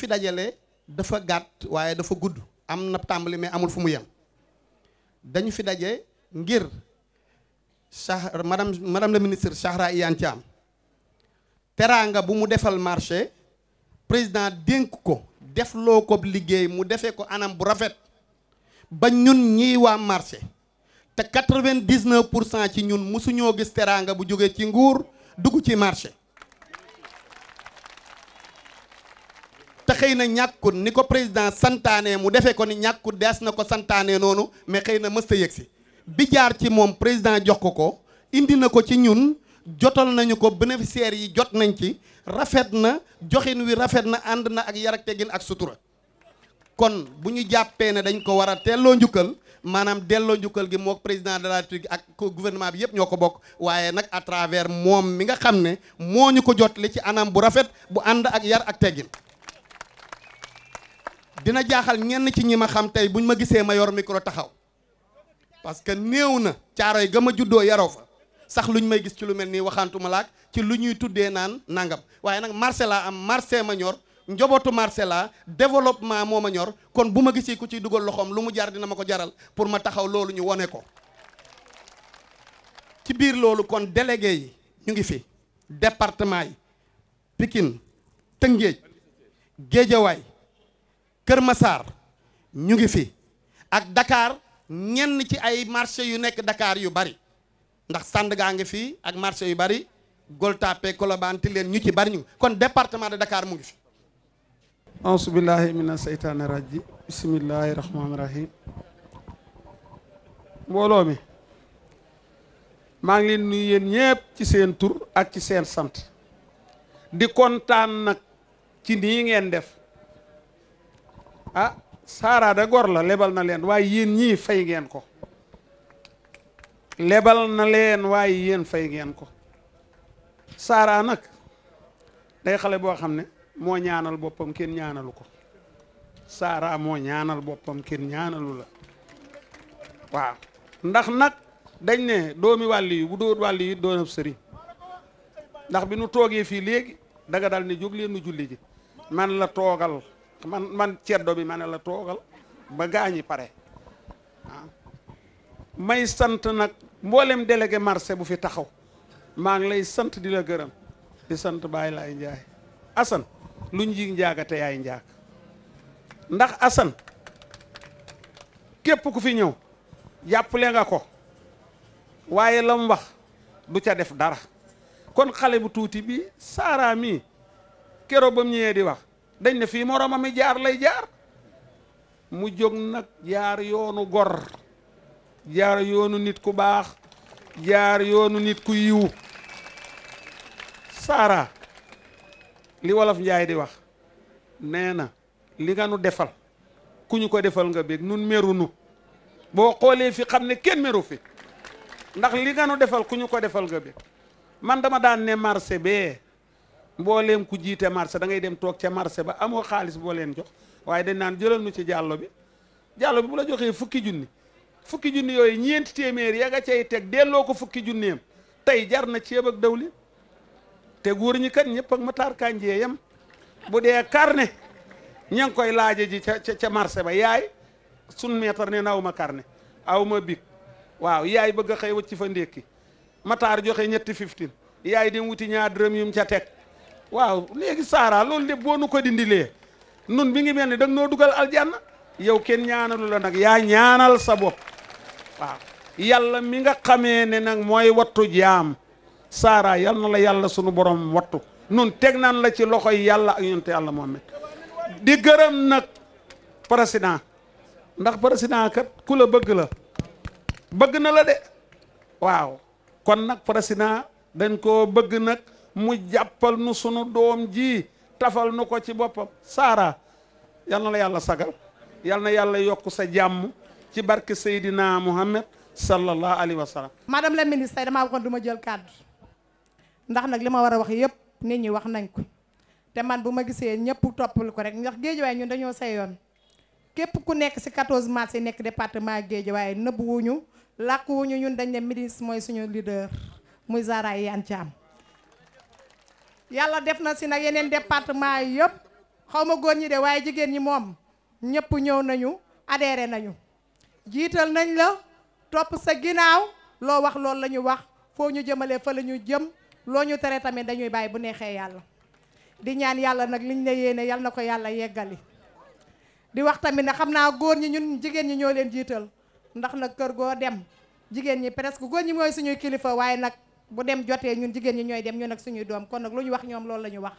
fi dajale dafa gàtt waaye dafa gudd am na tàmbali mais amul fu mu yem dañu fi daje ngir sah madame madame la ministre Zahra Iyane am teraanga bu mu defal marché président dénk ko defloo ko liggéey mu defee ko anam bu rafet ba ñun ñii waa marché te quatre-vingt-dix-neuf pour cent ci ñun mosuñoo gis teraanga bu jóge ci nguur dugg ci marché te xëy na ñàkkut ni ko président santaane mu defee ko ni ñàkkut dees na ko santaane noonu mais xëy na mësta yëg si bi jaar ci moom président jox ko ko indi na ko ci ñun jotal nañu ko bénéficiaires yi jot nañ ci rafet na joxin wi rafet na ànd na ak yar ak teggin ak sutura kon bu ñu jàppee ne dañ ko war a teelloo njukkal maanaam delloo njukkal gi moo président de la République ak gouvernement bi yëpp ñoo ko bokk waaye nag à travers moom mi nga xam ne moo ñu ko jot li ci anam bu rafet bu ànd ak yar ak teggin dina jaaxal ñenn ci ñi ma xam tey buñ ma gisee ma yor micro taxaw parce que néew na yi ga ma juddoo yaroo fa sax lu luñ may gis ci lu mel nii ma laak ci lu ñuy tuddee naan nangam waaye nag marché laa am marché ma ñor njobootu marché laa développement moo ma ñor kon bu ma gisee ku ci dugal loxoom lu mu jaar dina ma ko jaral pour ma taxaw loolu ñu wone ko ci biir loolu kon délégué yi ñu ngi fi département yi Pikine Tëngéej Géejawaay Kër Massar ñu ngi fi ak dakaar ñenn ci ay marché yu nekk dakaar yu bari ndax Sandaga ngi fi ak marché yu bari Goltapé Colobane Tilène ñu ci bari ñu kon département de Dakar mu ngi fi. auzu billahi mina seytaani raji bismillahi rahmaani rahim mbooloo mi maa ngi leen nuyu yéen ci seen tur ak ci seen sant di kontaan nag ci nii ngeen def a ah, Saara da gor la lebal na leen waaye yéen ñii fay ngeen ko lebal na leen waaye yéen fay ngeen ko saaraa nag day xale boo xam ne moo ñaanal boppam kenn ñaanalu ko saaraa moo ñaanal boppam kenn ñaanalu la waaw ndax nag dañ ne doomi wàll yi bu dóor wàll yi doonab sëriñ ndax bi nu toogee fii léegi danga dal ne jóg leen nu julli ji man la toogal man man ceddo bi ma la toogal ba gaañi pare ah. may sant nag mboolem délégué marché bu fi taxaw maa ngi lay sant di la gërëm di sant Baye Laye Ndiaye Assane lu njiig njaaga te yaay njaag ndax Assane képp ku fi ñëw jàppale nga ko waaye la wax du ca def dara kon xale bu tuuti bi Sara mii keroo ba mu ñëwee di wax dañ ne fii moromam mi jaar lay jaar mu jóg nag jaar yoonu gor jaar yoonu nit ku baax jaar yoonu nit ku yiw saara li wolof njaay di wax nee na li nga nu defal ku ñu ko defal nga bég nun meru nu boo xoolee fi xam ne kenn meru fi ndax li nga nu defal ku ñu ko defal nga bég man dama daan ne marché bee boo leen ku jiite marché da ngay dem toog ca marché ba amoo xaalis boo leen jox waaye dañ naan jëlal nu ci jàllo bi jàllo bi bu la joxee fukki junni fukki junni yooyu ñeenti téeméer ya nga cay teg delloo ko fukki junneem tey jar na ceeb ak dawlin te góor ñi kat ñëpp ak Matar Kanjee yam bu dee karne ña ngi koy laaje ji ca ca marché ba yaay sun meetar ne naw ma carnet aw ma waaw yaay bëgg a xëy wacc fa ndékki Matar joxe ñetti fiftin yaay dem wuti ñaar dërëm yum ca teg waaw léegi saaraa loolu lépp boo nu ko dindilee nun bi ngi mel ni da noo dugal aljanna yow kenn ñaanalu la nag yaa ñaanal sa bopp waaw yàlla mi nga xamee ne nag mooy wattu jaam saara yal na la yàlla sunu borom wattu nun teg naan la ci loxoy yàlla ak yonent yàlla Muhammad di gërëm nag président ndax président kat ku la bëgg la bëgg na la de waaw kon nag président dañ koo bëgg nag mu jàppal nu sunu doom ji tafal nu ko ci boppam saara yal na la yàlla sagal yal na yàlla yokk sa jàmm ci barke Seydina Muhammad sallallahu alayhi wa sallam madame la ministre tey damaa waxoon du ma jël kàddu ndax nag li ma war a wax yëpp nit ñi wax nañ ko te man bu ma gisee ñëpp toppal ko rek ndax géej waaye ñun dañoo say yoon képp ku nekk si 14 mars yi nekk département géejawaay nëbb wuñu làkk wuñu ñun dañ ne ministre mooy suñu lider muy Zahra Iyane Thiam yàlla def na si nag yeneen departement yi xaw ma góor ñi de waaye jigéen ñi moom ñëpp ñëw nañu adhéré nañu jiital nañ la topp sa ginnaaw loo wax loolu la ñu wax foo ñu jëmalee fa la ñu jëm loo ñu tere tamit dañuy bàyyi bu neexee yàlla di ñaan yàlla nag liñ la yéene yal na ko yàlla yeggali di wax tamit na xam naa góor ñi ñun jigéen ñi ñoo leen jiital ndax nag kër goo dem jigéen ñi presque góor ñi mooy suñuy kilifa waaye nag bu dem jotee ñun jigéen ñi ñooy dem ñun nag suñuy doom kon nag lu ñu wax ñoom loolu la ñu wax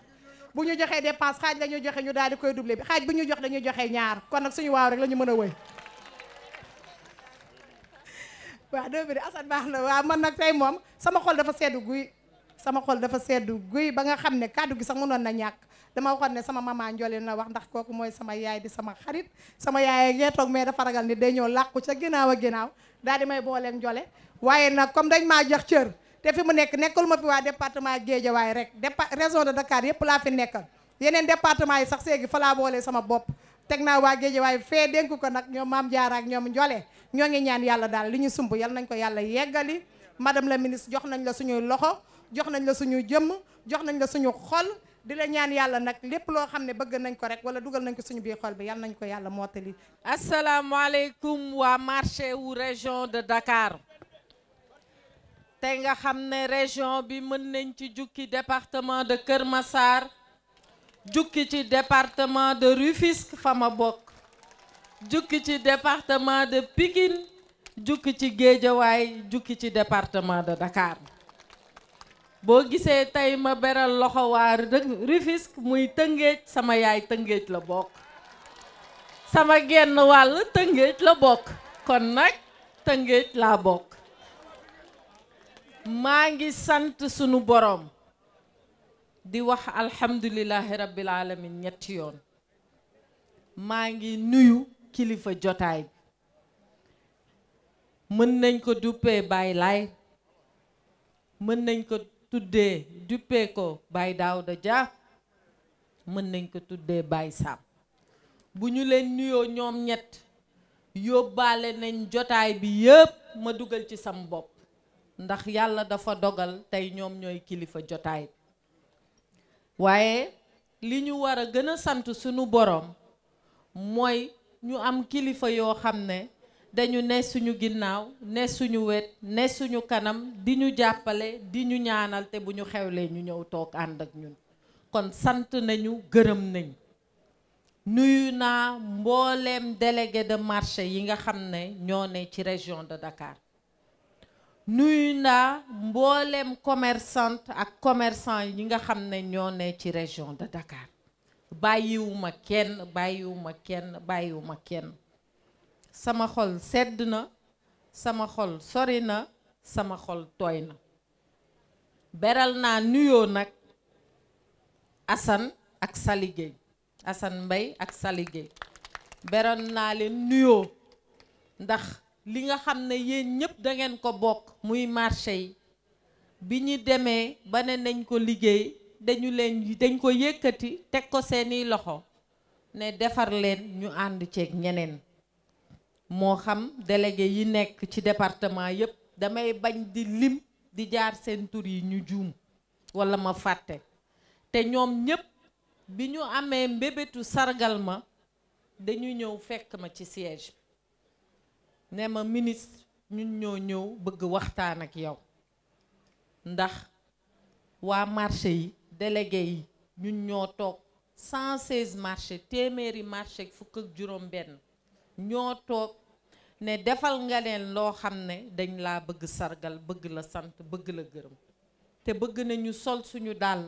bu ñu joxee dépense xaaj la ñuy joxe ñu daal di koy doublé bi xaaj bu ñu jox ñaar kon nag suñu waaw rek la ñu mën a wëy waaw deux minutes Assane baax na waaw man nag tey moom sama xol dafa seddu guy sama xol dafa seddu guy ba nga xam ne kàddu gi sax mënoon na ñàkk dama waxoon ne sama maman Ndiolé na wax ndax kooku mooy sama yaay di sama xarit sama yaay ngee toog mais dafa ragal ni day ñëw làqu ca ginnaaw a ginnaaw daal di may booleeg Ndiolé waaye nag comme dañ maa jox cër te fi mu nekk nekkul ma fi waa département Guédiawaye rek dépa région de Dakar yëpp laa fi nekkal yeneen département yi sax seegi fa laa boole sama bopp teg naa waa Guédiawaye fee dénku ko nag ñoom maam Diarra ak ñoom Ndiolé ñoo ngi ñaan yàlla daal li ñu sumb yal nañ ko yàlla yeggali madame la ministre jox nañ la suñuy loxo jox nañ la suñuy jëmm jox nañ la suñu xol di la ñaan yàlla nag lépp loo xam ne bëgg nañ ko rek wala dugal nañ ko suñu biir xol bi yal nañ ko yàlla mottali. asalaamaaleykum waa marché wu région de Dakar. te nga xam ne région bi mën nañ ci jukki département de Kër Massar jukki ci département de Rufisque fa ma bokk jukki ci département de pikin jukki ci Géejawaay jukki ci département de Dakar boo gisee tey ma beral loxo waa Rufisque muy Tëngéej sama yaay Tëngéej la bokk sama genn wàll Tëngéej la bokk kon nag Tëngéej laa bokk maa ngi sant sunu boroom di wax alhamdulilahi rabbil alamin ñetti yoon maa ngi nuyu kilifa jotaay bi mën nañ ko duppee Baay Laay mën nañ ko tuddee duppee ko Baay Daawda Dia mën nañ ko tuddee Baay Sam bu ñu leen nuyoo ñoom ñett yóbbaale nañ jotaay bi yépp ma dugal ci sam bopp ndax yàlla dafa dogal tey ñoom ñooy kilifa jotaay waaye li ñu war a gën a sant suñu boroom mooy ñu am kilifa yoo xam ne dañu ne suñu ginnaaw ne suñu wet ne suñu kanam di ñu jàppale di ñu ñaanal te bu ñu xewlee ñu ñëw toog ànd ak ñun kon sant nañu gërëm nañ nuyu naa mbooleem délégué de marché yi nga xam ne ñoo ne ci région de Dakar nuy naa mbooleem commerçante ak commerçant yi nga xam ne ñoo ne ci région de Dakar bàyyiwuma kenn bàyyiwuma kenn bàyyiwuma kenn sama xol sedd na sama xol sori na sama xol tooy na beral naa nuyoo nag Assane ak Sali Gueye Assane Mbaye ak sa liggéey beral naa leen nuyoo ndax li nga xam ne yéen ñëpp dangeen ko bokk muy marché yi bi ñu demee ba ne nañ ko liggéey dañu leen dañ ko yëkkati teg ko seeni loxo ne defar leen ñu ànd ceeg ñeneen moo xam délégué yi nekk ci département yépp damay bañ di lim di jaar seen tur yi ñu juum walla ma fàtte te ñoom ñépp bi ñu amee mbébétu sargal ma dañu ñëw fekk ma ci siège ne ma ministre ñun ñoo ñëw bëgg waxtaan ak yow ndax waa marché yi délégué yi ñun ñoo toog 116 marché téeméeri marché fukk ak juróom-benn ñoo toog ne defal nga leen loo xam ne dañ laa bëgg sargal bëgg la sant bëgg la gërëm te bëgg nañu sol suñu dàll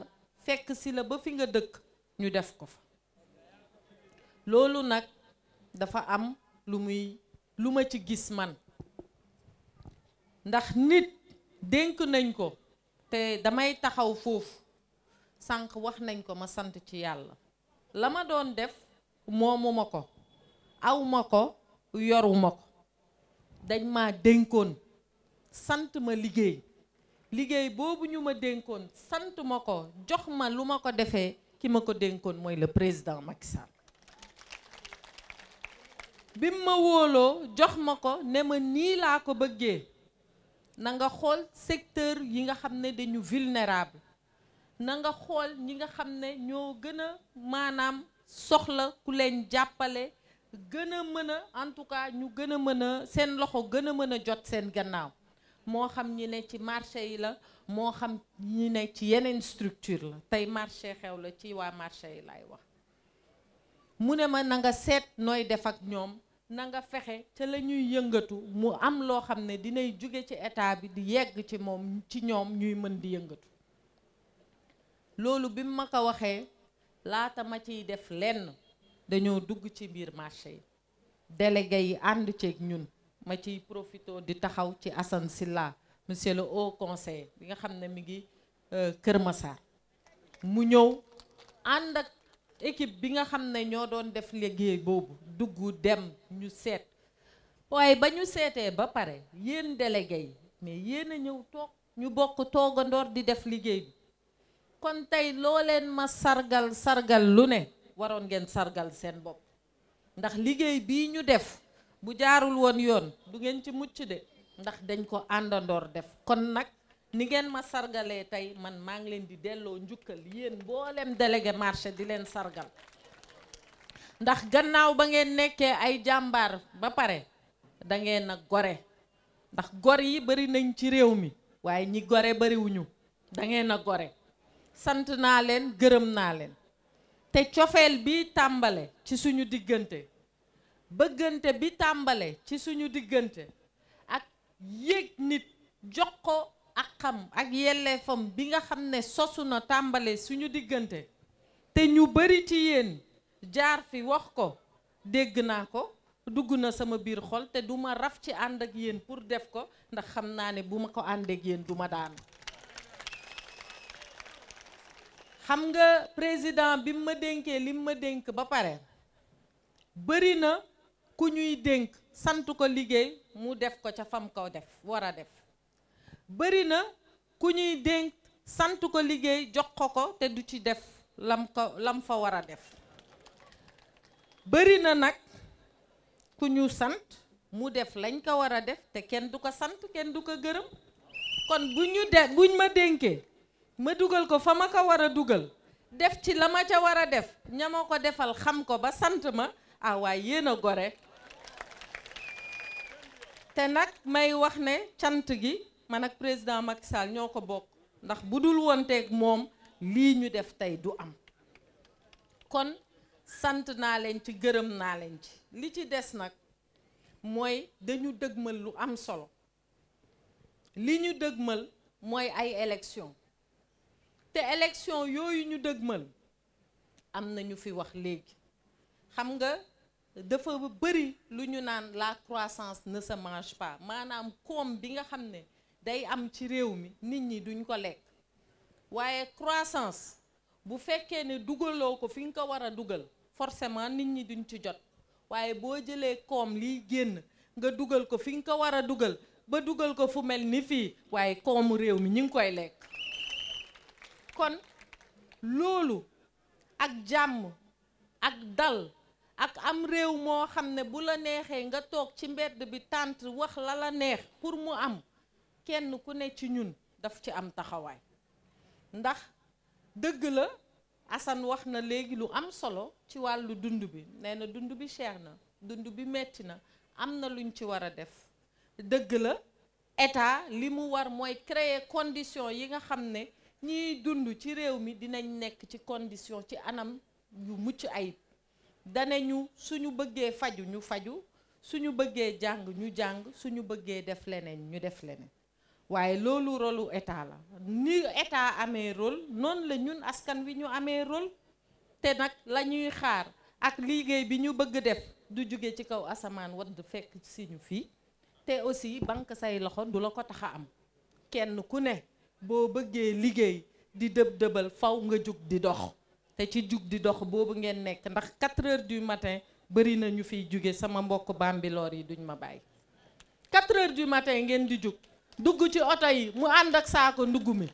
fekk ci la ba fi nga dëkk ñu def ko fa loolu nag dafa am lu muy lu ma ci gis man ndax nit dénk nañ ko te damay taxaw foofu sànq wax nañ ko ma sant ci yàlla la ma doon def moomuma ko awma ko yoruma ko dañ ma dénkoon sant ma liggéey liggéey boobu ñu ma dénkoon sant ma ko jox ma lu ma ko defee ki ma ko dénkoon mooy le président Macky bi ma wóoloo jox ma ko ne ma nii laa ko bëggee na nga xool secteur yi nga xam ne dañu vulnérable na nga xool ñi nga xam ne ñoo gën a maanaam soxla ku leen jàppale gën a mën a en tout cas ñu gën a mën a seen loxo gën a mën a jot seen gannaaw moo xam ñi ne ci marché yi la moo xam ñi ne ci yeneen structure la tey marché xew la ci waa marché yi laay wax mu ne ma nanga seet nooy def ak ñoom na nga fexe ca la ñuy yëngatu mu am loo xam ne dinay jóge ci état bi di yegg ci moom ci ñoom ñuy mën di yëngatu loolu bi ma ko waxee laata ma ciy def lenn dañoo dugg ci biir marché yi délégué yi ànd ceeg ñun ma ciy profito di taxaw ci Assane Sylla monsieur le haut bi nga xam ne mi ngi euh, Kër Massar mu ñëw ànd ak équipe bi nga xam ne ñoo doon def liggéey boobu dugg dem ñu seet waaye ba ñu seetee ba pare yéen délégué mais yéen a ñëw toog ñu bokk toogandoor di def liggéey bi kon tey loo leen ma sargal sargal lu ne waroon ngeen sargal seen bopp ndax liggéey bii ñu def bu jaarul woon yoon du ngeen ci mucc de ndax dañ ko àndandoor def kon nag ni ngeen ma sargalee tey man maa ngi leen di delloo njukkal yéen booleem délégué marché di leen sargal ndax gannaaw ba ngeen nekkee ay jàmbar ba pare da ngeen a gore ndax gor yi bari nañ ci réew mi waaye ñi gore bariwuñu dangeen a gore sant naa leen gërëm naa leen te cofeel bi tàmbale ci suñu diggante bëggante bi tàmbale ci suñu diggante ak yéeg nit jox ko ak xam ak yelleefam bi nga xam ne sosu na tàmbale suñu diggante te ñu bari ci yéen jaar fi wax ko dégg naa ko dugg na sama biir xol te duma raf ci ànd ak yéen pour def ko ndax xam naa ne bu ma ko àndeek yéen du ma daan xam nga président bi mu ma dénkee li mu ma dénk ba pare bari na ku ñuy dénk sant ko liggéey mu def ko ca fam ko def war a def bëri na ku ñuy dénk sant ko liggéey jox ko ko te du ci def lam ko lam fa war a def bëri na nag ku ñu sant mu def lañ ko war a def te kenn du ko sant kenn du ko gërëm kon bu ñu de buñ ma dénkee ma dugal ko fa ma ko war a dugal def ci la ma ca war a def ña ko defal xam ko ba sant ma ah yéena yéen a gore te nag may wax ne cant gi man ak président Macky Sall ñoo ko bokk ndax bu dul wonteeg moom lii ñu def tey du am kon sant naa leen ci gërëm naa leen ci li ci des nag mooy dañu dëgmal lu am solo li ñu dëgmal mooy ay élection te élection yooyu ñu dëgmal am na ñu fi wax léegi xam nga dafa bëri lu ñu naan la croissance ne se mange pas maanaam koom bi nga xam ne day am ci réew mi nit ñi duñ ko lekk waaye croissance bu fekkee ne dugaloo ko fi nga ko war a dugal forcément nit ñi duñ ci jot waaye boo jëlee koom liy génn nga dugal ko fi nga ko war a dugal ba dugal ko fu mel ni fii waaye koomu réew mi ñu ngi koy lekk kon loolu ak jàmm ak dal ak am réew moo xam ne bu la neexee nga toog ci mbedd bi tànt wax lala neex pour mu am kenn ku ne ci ñun daf ci am taxawaay ndax dëgg la Assane wax na léegi lu am solo ci wàllu dund bi nee dund bi cher na dund bi metti na am na luñ ci war a def dëgg la état li mu war mooy créer condition yi nga xam ne ñiy dund ci réew mi dinañ nekk ci condition ci anam yu mucc ayib danañu suñu bëggee faju ñu faju suñu bëggee jàng ñu jàng suñu bëggee def leneen ñu def leneen waaye loolu rôlu état la ni état amee rôle noon la ñun askan wi ñu amee rôle te nag lañuy xaar ak liggéey bi ñu bëgg def du jóge ci kaw asamaan wadd fekk si ñu fii te aussi banque say loxo du la ko tax a am kenn ku ne boo bëggee liggéey di dëb-dëbal faw nga jug di dox te ci jug di dox boobu ngeen nekk ndax 4 heures du matin bëri na ñu fiy jóge sama mbokk bambiloor yi duñ ma bàyyi 4 heures du matin ngeen di jug dugg ci oto yi mu ànd ak saako ndugg mi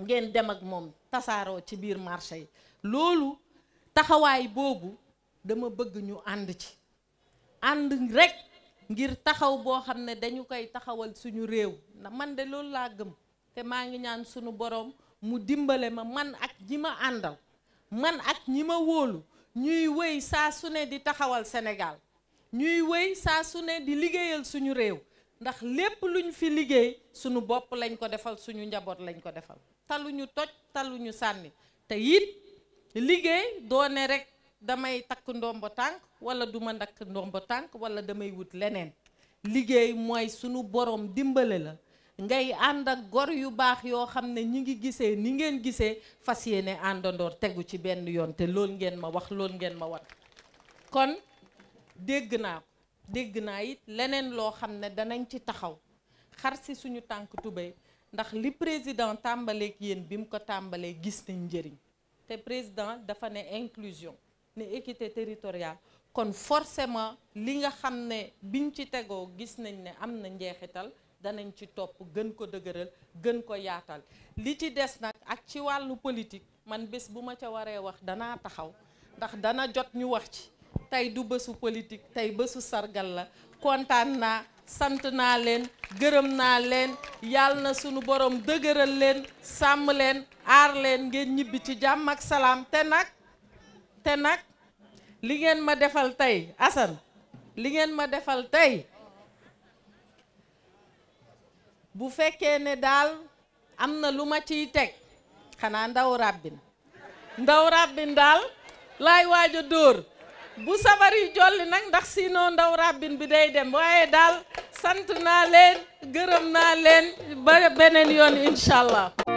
ngeen dem ak moom tasaaroo ci biir marché yi loolu taxawaay boobu dama bëgg ñu ànd ci ànd rekk ngir taxaw boo xam ne dañu koy taxawal suñu réew ndax man de loolu laa gëm te maa ngi ñaan suñu boroom mu dimbale ma man ak ñi ma àndal man ak ñi ma wóolu ñuy wéy saa su ne di taxawal senegal ñuy wéy saa su ne di liggéeyal suñu réew ndax lépp lu ñu fi liggéey sunu bopp lañ ko defal suñu njaboot lañ ko defal taluñu toj ñu sànni te it liggéey doone rekk damay takk ndombo tànk wala du ma takk ndombo tànk wala damay wut leneen liggéey mooy sunu boroom dimbale la ngay ànd ak gor yu baax yoo xam ne ñi ngi gisee ni ngeen gisee fas yéene àndandoor tegu ci benn yoon te loolu ngeen ma wax lool ngeen ma wan kon dégg naa ko dégg naa it leneen loo xam ne danañ ci taxaw xar si suñu tànk tubéy ndax li président tàmbaleeg yéen bi mu ko tàmbalee gis nañ njëriñ te président dafa ne inclusion ne équité territoriale kon forcément li nga xam ne biñ ci tegoo gis nañ ne am na njeexital danañ ci topp gën ko dëgëral gën ko yaatal li ci des nag ak ci wàllu politique man bés bu ma ca waree wax danaa taxaw ndax dana jot ñu wax ci tey du bésu politik tey bésu sargal la kontaan naa sant naa leen gërëm naa leen yàlla na sunu boroom dëgëral leen sàmm leen aar leen ngeen ñibbi ci jàmm ak salaam te nag te nag li ngeen ma defal tey Assane li ngeen ma defal tey bu fekkee ne daal am na lu ma ciy teg xanaa ndaw ràbbin ndaw ràbbin daal laay waaja dóor bu sabar yi jolli nag ndax sino ndaw rabbin bi day dem waaye daal sant naa leen gërëm naa leen beneen yoon incha allah